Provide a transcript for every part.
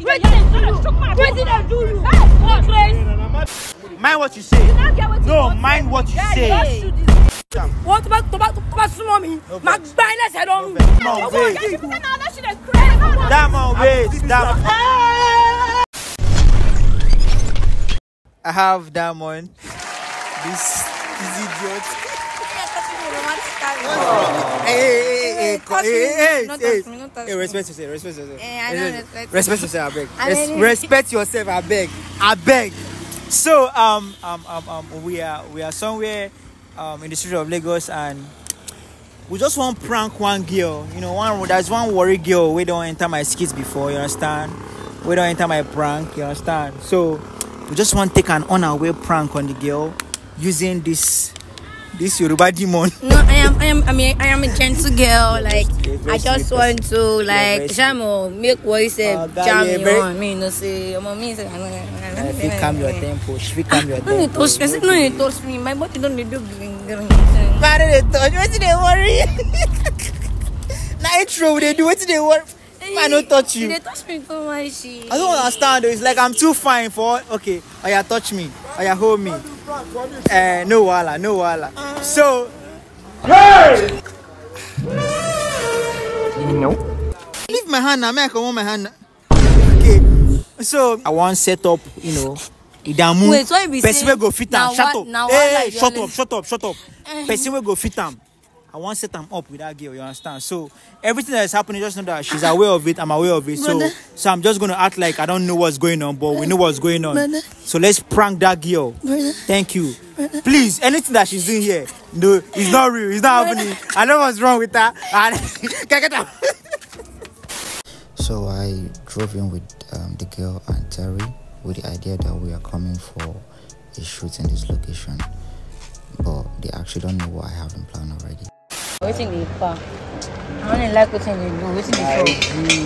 President do you. Mind what you say. No, mind what you say. What about bá tó bá mommy? bá súnmọ́ mi, màá gbá Damn, ẹsẹ̀ lọ́rùn. Diamond waist, I have that This, this idiot. Hey, hey, hey respect yourself. Respect yourself. Eh, I respect. yourself, I beg. Res- respect yourself, I beg. I beg. So, um, um, um, um, we are we are somewhere, um, in the street of Lagos, and we just want prank one girl. You know, one there's one worry girl. We don't enter my skits before. You understand? We don't enter my prank. You understand? So, we just want to take an on our way prank on the girl using this this Yoruba demon. No, I am, I am, I mean, I am a gentle girl. Like, I just want to, like, jamo, make voice, uh, jam yeah, very... on me, no say, I'm on me, if you calm your tempo, if you calm your tempo. No, you touch me, no, you touch me, my body don't need to be. Why do they touch? What do they worry? Now it's they do, what do they worry? I don't touch you. They touch me too much. I don't understand It's like I'm too fine for okay. Oya touch me. Oya hold me. Eh, no wala, no wala. So. Hey! No. Leave my hand now, make I want my hand now. Okay. So, I want set up, you know, Idamu. Wait, so you be saying? go fit am, shut up. Hey, eh, shut up, shut up, shut up. Eh. Person will go fit them. I want set him up with that girl. You understand? So everything that is happening, just know that she's aware of it. I'm aware of it. So so I'm just gonna act like I don't know what's going on, but we know what's going on. So let's prank that girl. Thank you. Please, anything that she's doing here, no, it's not real. It's not happening. I know what's wrong with that. so I drove in with um, the girl and Terry with the idea that we are coming for a shoot in this location, but they actually don't know what I have in plan already. wetin dey pa i no dey like wetin dey do wetin dey talk.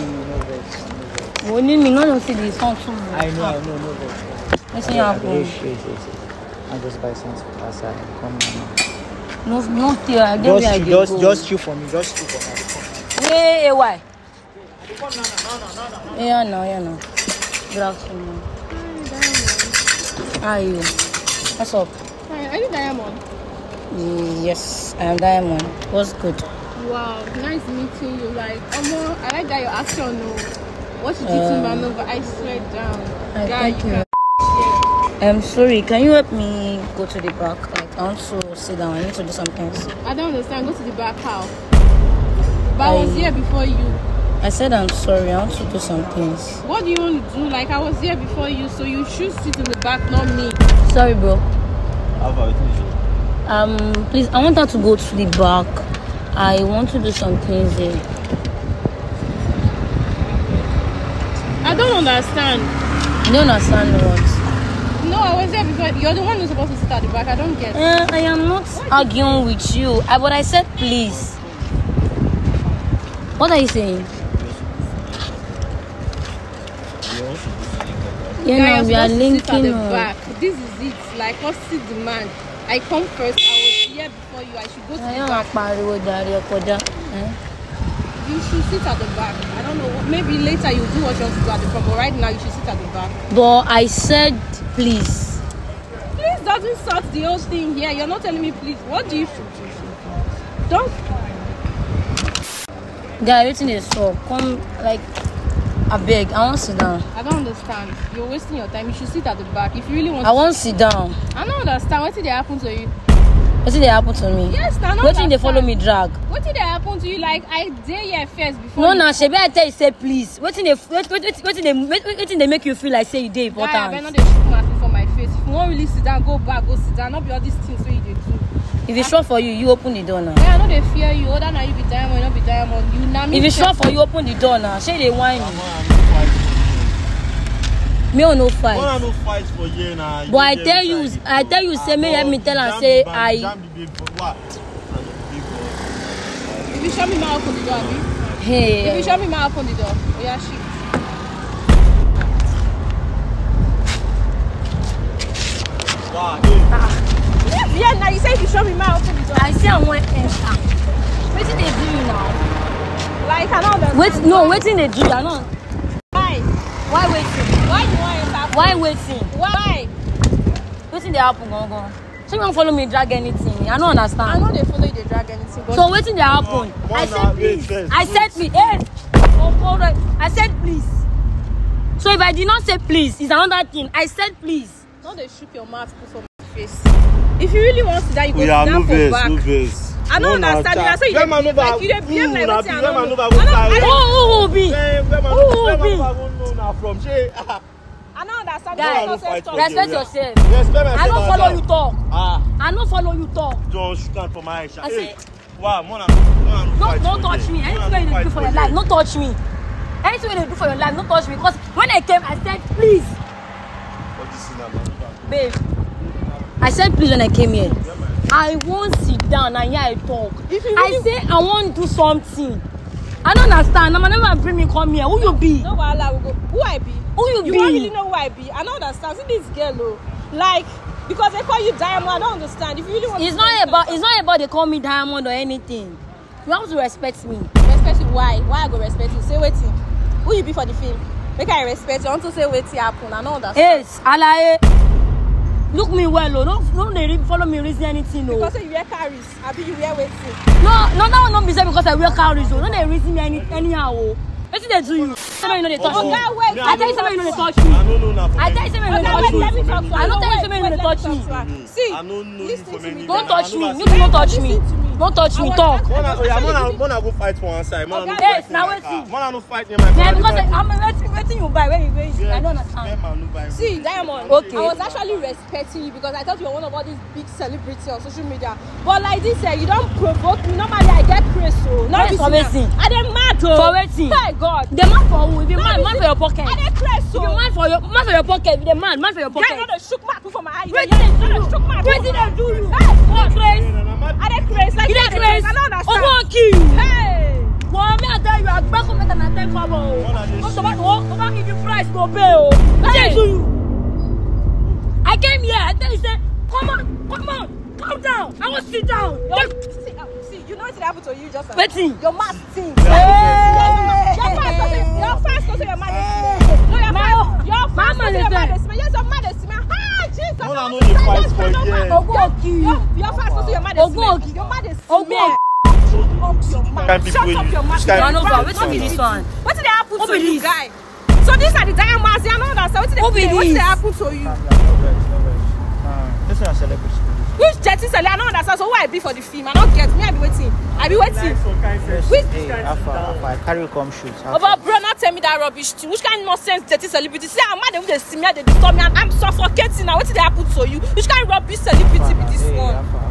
wo ni mi no know say the sun too much. i know i know no vex. Ah, wetin happen. yes yes yes i just buy something outside and come now. no no tey i get where i dey go. just just chill for me just chill for me. wey ay. yeah na yeah na good afternoon. hi diamond. how are you. what's up. hi are you diamond. Yes, I'm Diamond. What's good? Wow, nice meeting you. Like, Omo, I like that your action. No, oh. what you did um, to Manova, I swear down. I Guy, you. I'm sorry, can you help me go to the back? Like, I want to sit down. I need to do some things. I don't understand. Go to the back how? But I, I was here before you. I said I'm sorry. I want to do some things. What do you want to do? Like, I was here before you, so you should sit in the back, not me. Sorry, bro. How about you? um please i want her to go to the back i want to do some things here i don't understand you don't understand what no i was there before you're the one who's supposed to sit at the back i don't get uh, i am not what arguing with you I, but i said please what are you saying yeah, no, we are linking This is it. Like, what's the demand? I come first. I was here before you. I should go to I the back. pariwo jàre kọjá. You should sit at the back. I don't know. Maybe later you do what you want to do at the front, but right now you should sit at the back. But I said please. Please doesn't sort the whole thing here. You're not telling me please. What do you should Don't. Guy, wetin dey sup? Come like I beg, I won't sit down. I don't understand. You're wasting your time. You should sit at the back. If you really want I to... sit down. I don't understand. What did they happen to you? What did they happen to me? Yes, now not. What did they follow me drag? What did they happen to you? Like I dare your first before. No, you... no, Shebe, I tell you, say please. What did they, what, what, what, what did they, what, did they make you feel like say you did important? Yeah, I better not they shoot my for my face. If you want really sit down, go back, go sit down. Not be all these things so you do if e sure for you you open the door now. yeah i no dey fear you whether na you be diamond you no be diamond you na me. if e sure for you open the door now shey e dey whine me. Me, i no fight. may i no fight for here na. but i tell you i tell you say make help ah, me oh, tell am say i. if you show me ma open the door abi. Hey. if you show me ma open the door oya oh shift. Wow, hey. ah. now you. wait no waiting dey do i no. why why waiting. why you wan enter. why waiting. why. wetin dey happen gangan shey you wan follow me drag anything i no understand. i no dey follow you dey drag anything. but so wetin dey happen. Ah, no, i said please i said please eh oh hold oh, on i said please. so if i did not say please it's another thing i said please. no dey shook your mouth put for my face if you really want to die you go sit down for back. we are no I don't understand you. I say you dey like you dey behave like wetin I don't know. I don't who who be? Eh, who who be? Na from she. Ah. I don't understand why you no say stop. Respect yourself. Respect myself. I no follow you talk. Ah. I no follow you talk. Don't shoot am for my eye. I say. Eh, wow, Mona. No, don't touch me. Anything you dey do for your life, no touch me. Anything you dey do for your life, don't touch me. Because when I came, I said please. What is it now, Babe. I said please when I came here. Yeah. I wan sit down and hear I talk. If you really... I say I wan do something. I don't understand. Mama never bring me come here. Who you be? No wahala, we go. Who I be? Who you, you be? You wan really know who I be? I don't understand. See this girl o. Oh. Like because they call you diamond, I don't understand. If you really want it's not about it's not about they call me diamond or anything. You have to respect me. Respect you why? Why I go respect you? Say wetin. Who you be for the film? Make I respect you. I say wetin happen. I no understand. Yes, alaye look me well oh! Don't, don't dey follow me reason anything o. Oh. because you wear cowries abi you wear wetin. no no that one no be say because i wear carries, o oh. no dey reason me any anyhow o oh. wetin dey do you. Somebody you no dey touch me i tell you somebody you no dey touch me i tell you somebody you no dey touch me i no tell you somebody you no dey touch me see lis ten to me don't touch me you no touch me don't touch me talk. mona oya mona mona go fight for one side mona no fight near ah, mona no fight near my car. because i'm a wait wetin you buy wey you wey you i no understand see diamond okay. i was actually respecting you because i thought you were one of all these big celebrities on social media but like this eh you don provoke me normally i get craze o no be sinna i dey mad o for wetin thank god dey mad for who if you mad mad for your pocket i dey craze o you mad for your mad for your pocket if you dey mad mad for your pocket girl no dey shook mouth put for my eye you dey do you. wetin dey do you hey you dey craze i dey craze like you dey craze i no understand ogun kill you hey. Well, I tell you, I'm back home and I take cover. Because the man who back in the price go pay. Oh. Let hey. you. I came here and then he said, come on, come on, calm down. I want to sit down. Yo, see, uh, see, you know what happened to you just now. Betty. Your mouth stinks. Hey. Your mouth doesn't, your fast doesn't, your mouth No, your mouth, your fast doesn't, your mouth Yes, your mouth ah, doesn't. Jesus. No, no, no, you fight for yeah. Ogun Oki. Your fast doesn't, your mouth doesn't. Ogun Oki. Your mouth is smeared. Can't be Shut up your mouth. know over. What be this one? What did happen to you guy? So these are the diamonds. They are not understand. What did what did happen to you? This one celebrity. Which jetty sell? I don't understand. So who I be for the film? I don't get. Me, I be waiting. I be waiting. Which hey, Alpha, Alpha, I carry come shoot. Oh, but bro, not tell me that rubbish too. Which kind of nonsense jetty celebrity? See, I'm mad. They see me. They disturb me. I'm suffocating. Now, what did happen to you? Which kind of rubbish celebrity be this one? Hey,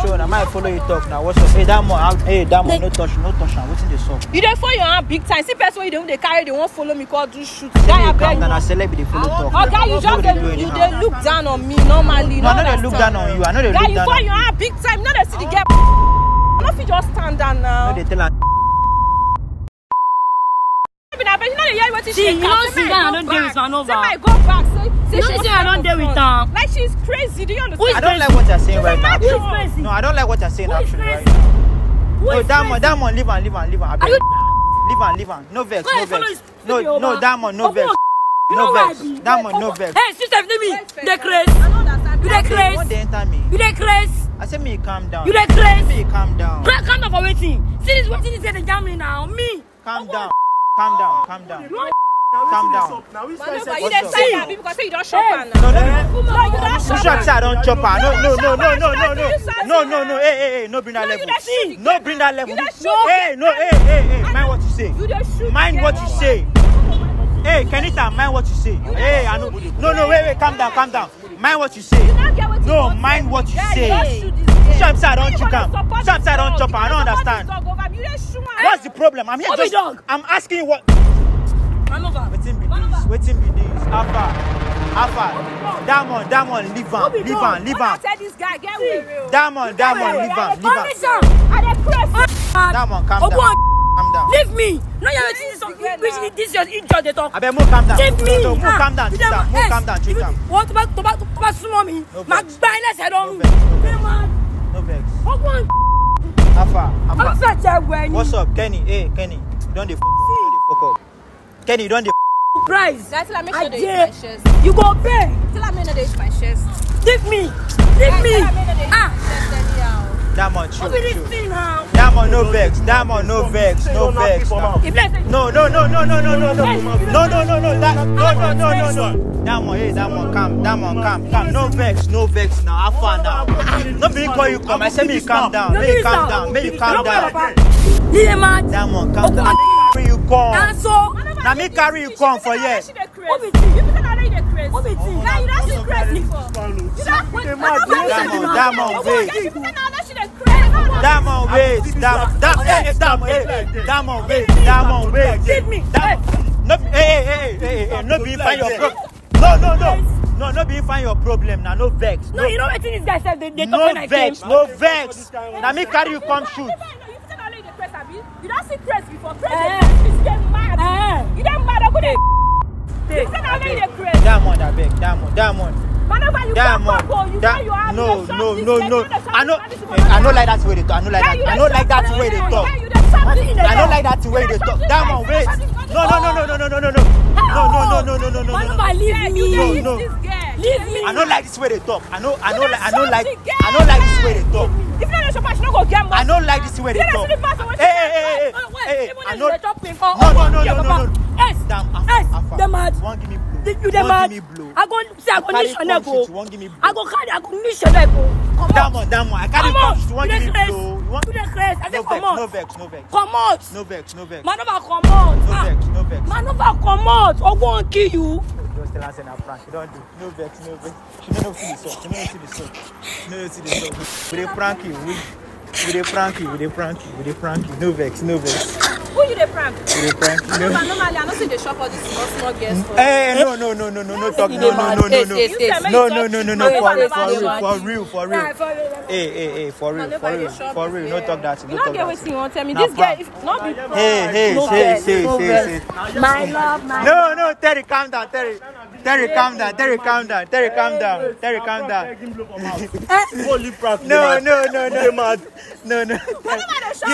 sure na my follow you talk na what's up hey that man hey that man no touch no touch am wetin dey sup. you dey follow your hand big time see person you don't. They carry They won't follow me call do shoot guy abeg. calm down na celeb dey follow talk. oga you just dey you They look down on me normally no understand. i no they look down on you i know they look down on you. guy you follow your hand big time no they see the girl. i no You just stand down now. no dey tell am. She, you know, oh see, I don't deal with Manova. Say my go back. Say, say I don't deal with her. Like she's crazy. Do you understand? I don't like what you're saying right now. Who is crazy? No, I don't like what you're saying actually No, that one, that one, leave on, leave on, leave on. Are you? Leave on, leave on. No vex, no vex. No, no, that one, no vex. No vex. That one, no vex. Hey, sister, me. The craze. You the craze. What enter me? You the craze. I said me calm down. You the craze. Me calm down. Calm down for waiting. See this waiting is getting gambling now. Me. Calm down. Calm down. Calm down calm down. Now we say you dey sign am because say you don chop am. No, no, no. No, you don chop am. Who say I don chop am? No, no, eh, eh, eh, no, no, no, no, no. No, no, no. Hey, hey, hey, no bring that level. No bring that level. Hey, no, hey, hey, hey. Mind what you say. Mind what you say. Hey, Kenita, mind what you say. Hey, I know. No, no, wait, wait, calm down, calm down. Mind what you say. No, mind what you say. Shop side don chook am. Shop side don chop am. I don't understand. What's the problem? I'm here just. I'm asking you what wetin be dis wetin be dis alpha alpha diamond diamond leave am leave am leave am diamond diamond leave am leave am diamond calm down calm down leave me no you doing this song which this your injured dey talk abeg mo calm down leave me no calm down treat am mo calm down treat am eh. What about, bá tó bá tó bá súnmọ́ mi ma gba No vex. no vex ọgbọ́n alpha alpha what's up kenny hey kenny Don't they fuck up Don't they fuck up kenny don't dey price ajé you go pay tell am make no dey use my shares. give me give me ah diamond show show diamond no vex diamond no vex no vex no no no no no no no no no no no no no that no no no no no diamond hey diamond calm diamond calm calm no vex no vex now how far now oh, no be call you come i say make you calm down make you calm down make you calm down diamond calm down carry you come na so na me carry you come for here. who you be say na dey dey craze. who be tea na you don craze before. you don wait i don buy you something na. diamond wait diamond wait diamond wait diamond wait diamond wait no be hey hey hey hey no be find your problem no no no. No, no be find your problem now. No vex. No, you know what this guy said. They, they no talk when I came. No vex. No vex. Now me carry you come shoot. You don't see crazy before. Craze eh. is get mad. Eh. You don't mad. Go there. Take. Listen, how many craze? Diamond, I beg. Diamond, diamond. Whenever you diamond, come up, you da- know you have no, no, no, no. I know, I know like that way they talk. I know like that. I know like that way they talk. I know like that way they talk. one, wait. No, no, no, no, no, no, no, no, no, no, no, no, no, no, no. no. leave me, no, no. Leave me. I know like this way they talk. I know, I know, I know like, I know like this way they talk. If you don't know your pass, you don't go get money. I don't like this way they talk. Hey, hey, hey, hey, hey. I know. No, no, oh, no, no, no, no. Yes, yes. The mad. One give me blow. You they mad. I go say I go niche on ego. Oh. I go carry I go niche your ego. Oh. Come on. Damn, damn. I carry punch. One give me blow want to the grace. I say comot. No vex, no vex. Comot. No vex, no vex. Manova comot. No ah. vex, no vex. Manova comot. Ogun wan kill you. Just tell her say na prank. She don't do. No vex, no vex. She no know see the song. She no know see the song. She no know see the song. We dey prank you we dey prank you we dey prank you we dey prank you no vex no vex. who you dey prank. we dey prank you. normally i no say dey shop all these small small girls for. no no no no no no talk no no no no no no no no no no for real for real for real for real. Hey hey hey for real for real for real no talk that no talk that. you no get wetin you wan tell me this girl if no be. hey hey say say say say. my love my love. no no terry calm down terry. Terry, calm down. Terry, calm down. Terry, calm down. Terry, calm down. Holy crap. No, no, no, no. No, no. You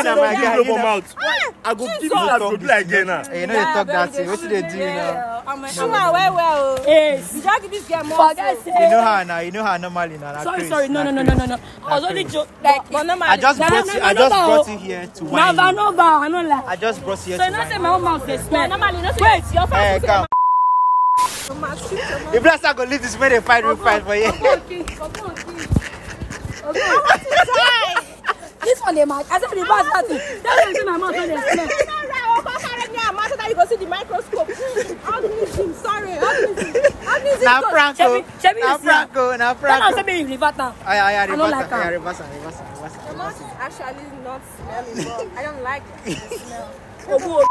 know my guy. You know mouth. Ah, I go keep that to play again now. you know you talk that thing. What do they do now? I'm a sure well, well. Oh. Yes. You just give this girl more. Forget it. You know her now. You know her normally now. Sorry, sorry. No, no, no, no, no, no. I was only joking. Like, but normally. I just brought you. I just brought you here to wine. Nova, Nova. I don't like. I just brought you here to wine. So you know say my own mouth dey smell. Normally, you know say your face. Hey, come. The blaster go leave this man and fight real fight for you. This one they mad. As if the bad nothing. That's the reason I'm out on the that you can see the microscope. I'm sorry. I'm Now Franco. Now Franco. Now Franco. Now me reverse now. Oh yeah, I reverse. Like yeah, reverse, reverse, reverse. The mouth is actually not smelling. I don't like the smell.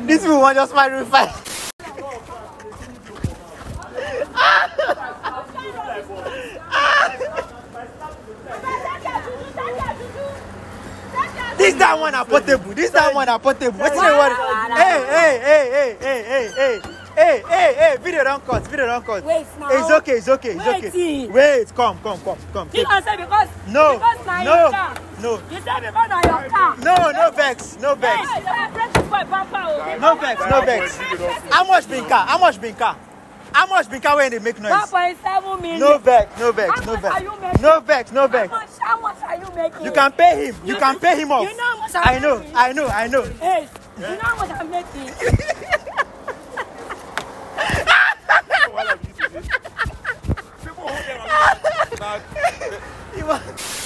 this one just might reverse. that one na portable this that one na portable wetin dey worry hey hey hey hey hey hey hey hey hey video don cut video don cut wait now it's okay it's okay it's wait, okay wait come come come come take you say because no because no, your car no you say because na your car no no vex no vex oh. no vex no vex how much bin car how much bin car. How much Binka when they make noise? 1.7 million. No vex, no vex, no vex. No vex, no vex. How much, how much are you making? You can pay him. You, you can pay him off. You know how much I'm I know, making? I know, I know. Hey, yeah. you know how much I'm making? People hold